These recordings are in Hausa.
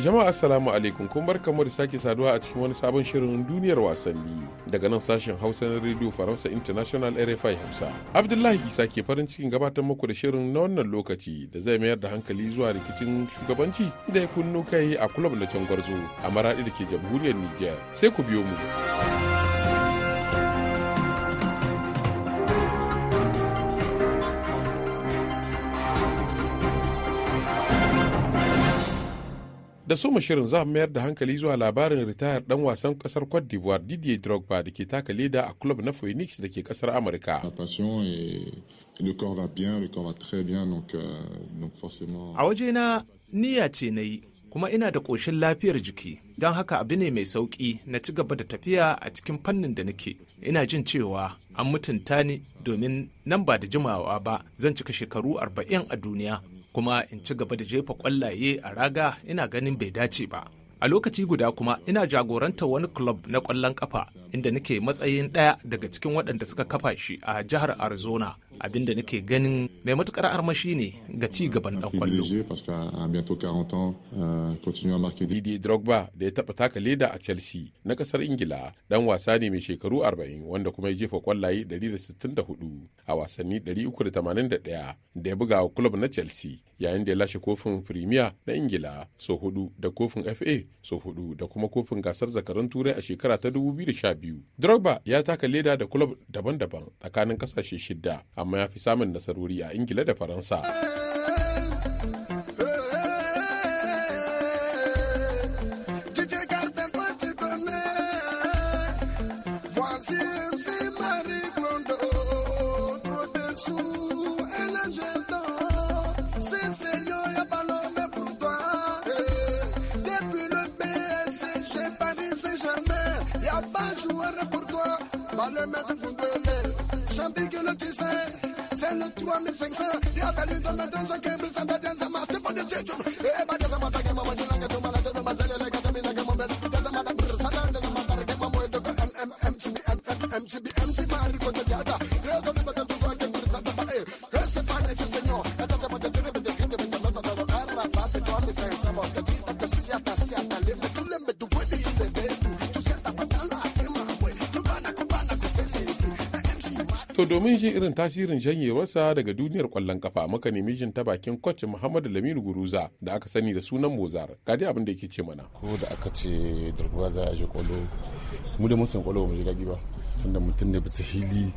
Jama'a assalamu alaikum kun bar kamar da sake saduwa a cikin wani sabon shirin duniyar wasanni daga nan sashen Hausa na Radio Faransa International RFI Hausa. Abdullahi Isa ke farin cikin gabatar muku da shirin na wannan lokaci da zai mayar da hankali zuwa rikicin shugabanci da ya kunno kai a kulob na can gwarzo a maraɗi da ke jamhuriyar niger Sai ku biyo mu. da soma shirin za mu mayar da hankali zuwa labarin ritayar dan wasan kasar Cote d'Ivoire Didier Drogba da ke taka leda a club na Phoenix da ke kasar Amurka. Euh, a waje na niyya ce na yi kuma ina da ƙoshin lafiyar jiki don haka abu ne mai sauƙi na ci gaba da tafiya a cikin fannin da nake ina jin cewa an mutunta ni domin nan ba da jimawa ba zan cika shekaru arba'in a duniya kuma in ci gaba da jefa ƙwallaye a raga ina ganin bai dace ba A lokaci guda kuma ina jagoranta wani club na kwallon kafa inda nake matsayin ɗaya daga cikin waɗanda suka kafa shi a jihar Arizona abinda nake ganin mai matukar armashi ne ga ci gaban ɗan kwallo. Euh, Didier Drogba da ya taɓa taka leda a Chelsea na ƙasar Ingila ɗan wasa ne mai shekaru 40 wanda kuma ya jefa kwallaye 164 a wasanni 381 da ya buga wa club na Chelsea yayin da ya lashe kofin firimiya na ingila so hudu da kofin fa so hudu da kuma kofin gasar zakarun turai a shekara ta 2012 drogba ya taka leda da kulob daban-daban tsakanin kasashe shida amma ya fi samun nasarori a ingila da faransa Sim, jouerai pour toi, va le c'est le 3500. dans la danse, pour ma que tu m'as la ma zèle, la To domin shi irin tasirin janyewarsa daga duniyar kwallon kafa muka nemi jin ta bakin kwacin Muhammadu lamiru Guruza da aka sani da sunan Mozar. Ga dai abin da yake ce mana. Ko da aka ce Darbuwa za ya ji kwallo mu da mutum kwallo mu ji daɗi ba tunda mutum da bisa hili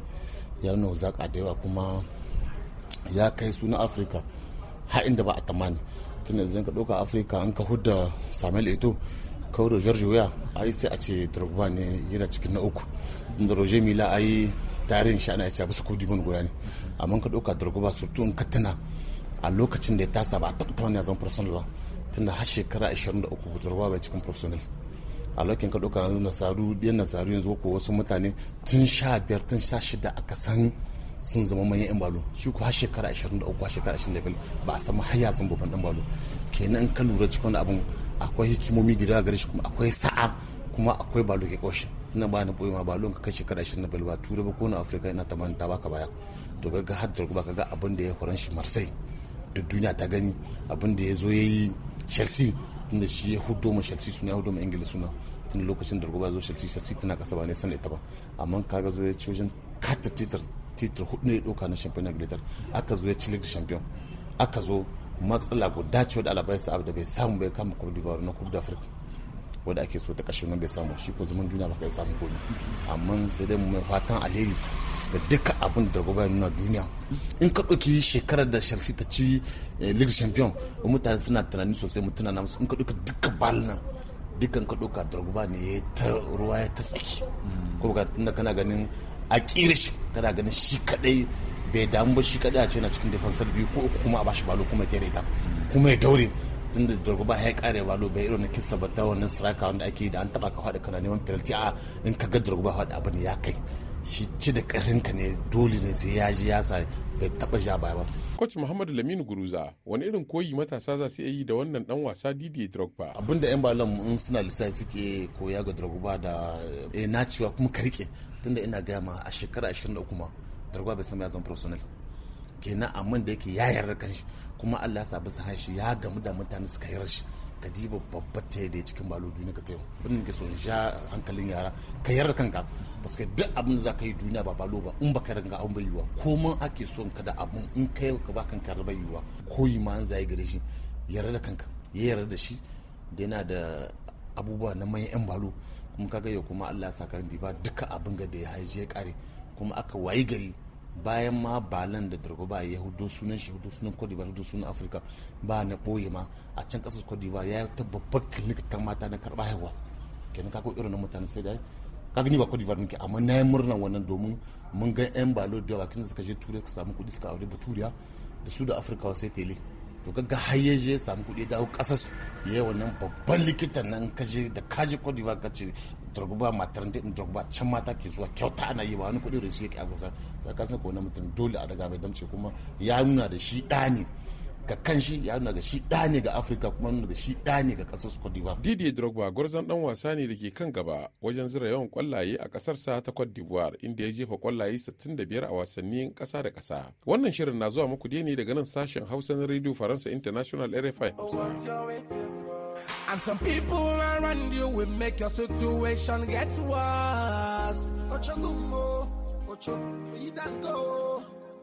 ya nuna zaƙa da yawa kuma ya kai sunan Afirka har inda ba a tamani. Tunda zan ka ɗauka Afirka an ka hudda Samuel Eto kawai da George ai sai a ce Drogba ne yana cikin na uku. Inda Roger Mila ai tarihin shi ana cewa bisa kudi mun guda ne amma ka dauka dargoba surtu in ka tana a lokacin da ya tasa ba a taɓa wani ya zama ba tunda har shekara 23 dargoba bai cikin professional a lokacin ka dauka yanzu nasaru yan nasaru yanzu ko wasu mutane tun sha biyar tun sha shida aka san sun zama manyan yan balo shi ko har shekara 23 ko shekara 25 ba a samu har ya babban dan balo kenan in ka lura cikin abin akwai hikimomi gida gare shi kuma akwai sa'a kuma akwai balo ke kaushe ina ba ni boyema ba lon ka kada shi na bal ba ba ko na afirka ina ta manta baka baya to ga ga haddar ba ga abin da ya horan shi marsai duk duniya ta gani abin da ya zo ya yi chelsea tunda shi ya hudo ma chelsea suna ya hudo ma ingila suna tun lokacin da ba zo chelsea chelsea tana kasa ba ne sanar ta ba amma kaga zo ya ci wajen kata titar titar hudu ne doka na champion regulator aka zo ya ci league champion aka zo matsala guda ce da alabai sa'ab da bai samu bai kama cote d'ivoire na coupe d'afrique wanda ake so ta kashe nan bai samu shi ko zaman duniya ba kai samu komi amma sai dai mai fatan alheri da duka abin da gobe nuna duniya in ka ɗauki shekarar da chelsea ta ci eh, league champion mutane suna tunani sosai mutuna na musu in ka ɗauki duka bal nan dukkan ka ɗauka drogba ne ya ta ruwa ya ta tsaki ko ka tunda kana ganin a kirish kana ganin shi kadai bai damu ba shi kadai a ce na cikin defensar biyu ko kuma a bashi balo kuma ya tere ta kuma ya daure tun da drago ba ya kare walo bai irin kisa ba ta wannan strike wanda ake da an taba ka hada kana neman penalty a in ka ga drago ba hada abin ya kai shi ci da ka ne dole ne sai ya ji yasa bai taba ja baya ba coach muhammadu laminu guruza wani irin koyi matasa za su yi da wannan dan wasa didier drogba abinda yan balon in suna lissa suke koya ga drogba da eh, na cewa kuma ka rike tunda ina gaya ma a shekara 23 ma drogba bai san ya zama professional kenan amma da yake ya yarda kanshi kuma Allah sa bisa hanshi ya gamu da mutane suka yi rashi ka diba babbar ta da cikin balo duniya ka ta yau bin ke son sha hankalin yara ka yarda kanka parce que duk abin da za ka yi duniya ba balo ba in baka ringa abin bai yiwa koma ake son ka da abin in yi ka ba kanka bai yiwa yi ma an zai gare shi yarda da kanka ya yarda da shi da yana da abubuwa na manyan yan balo kuma ga yau kuma Allah ya saka diba duka abin ga da ya haije ya kare kuma aka wayi gari bayan ma balan da durgu ba hudu sunan shi hudu sunan cote d'ivoire yahudo sunan afirka ba na boye ma a can kasar cote d'ivoire ya ta babbar clinic ta mata na karba haihuwa kenan kako irin mutane sai da kaga ni ba Cote d'Ivoire nake amma na yi murnan wannan domin mun ga yan balo da yawa kinsa suka je turai suka samu kuɗi suka aure baturiya da su da afirka sai tele to kaga har ya je samu kuɗi dawo kasar su ya yi wannan babban likitan nan kaje da kaje Cote d'Ivoire ka ce drogba matar din drogba can mata ke zuwa kyauta ana yi ba wani kuɗi da shi yake a kusa to san ko mutum dole a daga mai damce kuma ya nuna da shi ɗa ne ga kan shi ya nuna da shi ɗa ne ga afirka kuma nuna da shi ɗa ne ga ƙasar cote d'ivoire didi drogba gwarzon dan wasa ne da ke kan gaba wajen zira yawan kwallaye a sa ta cote d'ivoire inda ya jefa kwallaye 65 a wasannin ƙasa da ƙasa wannan shirin na zuwa muku ne daga nan sashen hausa na radio faransa international rfi hausa And some people around you will make your situation get worse.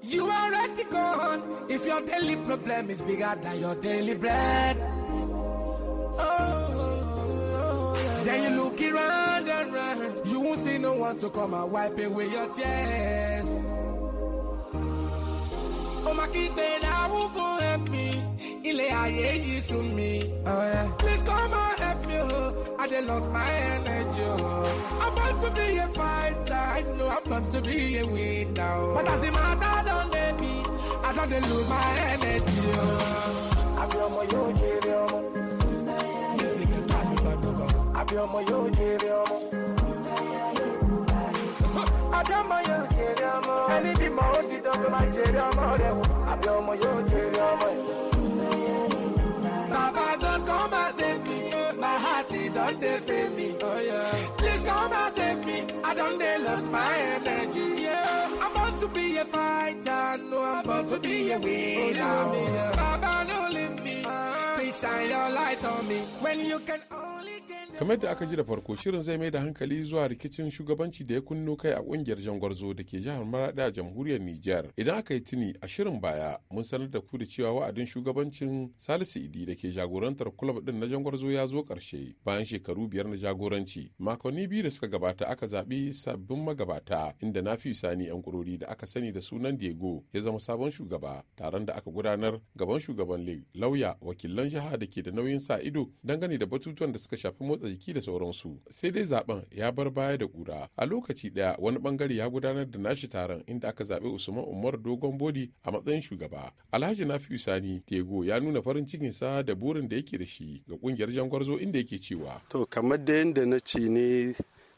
You already gone if your daily problem is bigger than your daily bread. Oh, oh, oh, then you look around and round, you won't see no one to come and wipe away your tears. Oh, my kid, I will go help me ilé ayé yìí sú mi. Oh, Please come and help me o, oh. I dey lost my energy o. Oh. I born to be a fighter, I know I born to be a winner o. But as the matter don dey be, I don dey lose my energy o. Àbí ọmọ yóò jèrè ọmọ. Music sì kí káàdì gbàdúgbà. Àbí ọmọ yóò jèrè ọmọ. Àbí ọmọ yóò jèrè ọmọ. Ẹni bímọ ó ti dọ́gbọ́n máa jèrè ọmọ rẹ̀ wò. Àbí ọmọ yóò jèrè ọmọ. don't they feel me? Oh yeah. Please come and save me. I don't they lost my energy. Yeah. I'm about to be a fighter. No, I'm about to be a winner. Oh, Baba, don't leave me. Please shine your light on me when you can. kamar da aka ji da farko shirin zai mai da hankali zuwa rikicin shugabanci da ya kunno kai a kungiyar jangwarzo da ke jihar maraɗa a jamhuriyar niger idan aka yi tuni a shirin baya mun sanar da ku da cewa wa'adin shugabancin salisu idi da ke jagorantar kulab din na jangwarzo ya zo karshe bayan shekaru biyar na jagoranci makonni biyu da suka gabata aka zaɓi sabbin magabata inda na nafi sani yan kurori da aka sani da sunan diego ya zama sabon shugaba taron da aka gudanar gaban shugaban lauya wakilan jiha da ke da nauyin sa ido dangane da batutuwan da suka shafi motsa jiki da sauransu sai dai zaben ya bar baya da kura a lokaci daya wani bangare ya gudanar da nashi taron inda aka zaɓi usman umar dogon bodi a matsayin shugaba alhaji nafi sani tego ya nuna farin cikinsa da burin da yake da shi ga kungiyar jangwarzo inda yake cewa to kamar da yadda na ce ne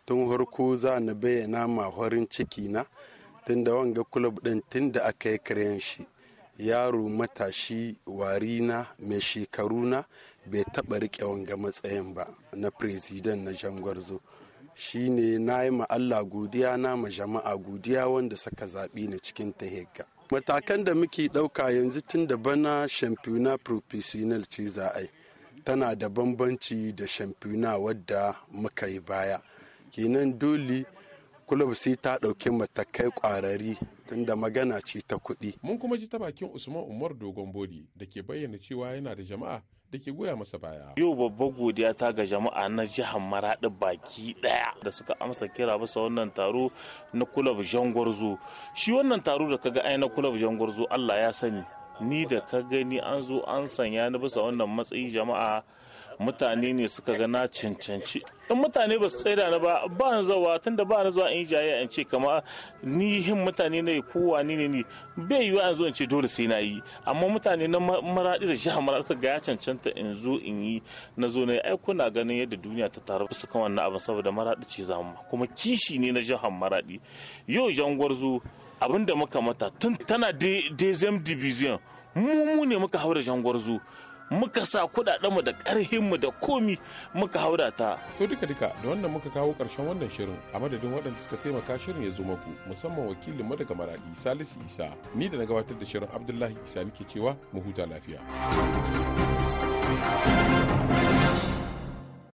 tun harko za na bayyana ma farin ciki na tun da wanga kulub din tun da aka yi kiran shi yaro matashi warina mai shekaru na bai taɓa riƙe wanga matsayin ba na firizidan na jangarzo shi ne na yi ma Allah godiya na ma jama'a godiya wanda saka zaɓi na cikin tahegga matakan da muke ɗauka yanzu tun da bana shampiyona professional ce za a yi tana da bambanci da shampiyona wadda muka yi baya kenan dole kulub sai ta ɗauki matakai ƙwarari tunda magana ce ta kuɗi. Mun kuma ji ta bakin Usman Umar Dogon Bodi da ke bayyana cewa yana da jama'a da ke goya masa baya. Yau babba godiya ta ga jama'a na jihar Maraɗi baki ɗaya da suka amsa kira basa wannan taro na kulab Jangwarzo. Shi wannan taro da kaga ai na kulab Jangwarzo Allah ya sani. Ni da ka gani an zo an sanya ni bisa wannan matsayin jama'a mutane ne suka ga na cancanci in mutane ba su tsaida na ba ba na zawa tun da ba na zuwa in yi jayayya in ce kama ni hin mutane yi kowa ni ne ni bai wa in zo in ce dole sai na yi amma mutane na maraɗi da jihar maraɗi suka ga ya cancanta in zo in yi na zo na yi ai kuna ganin yadda duniya ta taru su kan wannan abin saboda Maradi ce za mu kuma kishi ne na jihar maraɗi yau jangwarzo abin da muka mata tun tana zem division mu mu ne muka haura gwarzo muka sa kudadenmu da karhinmu da komi muka haura ta to duka duka da wannan muka kawo karshen wannan shirin a madadin waɗanda suka taimaka shirin ya zo muku musamman wakilin madaga daga maradi salisu isa ni da na gabatar da shirin abdullahi isa nake cewa mu huta lafiya thank you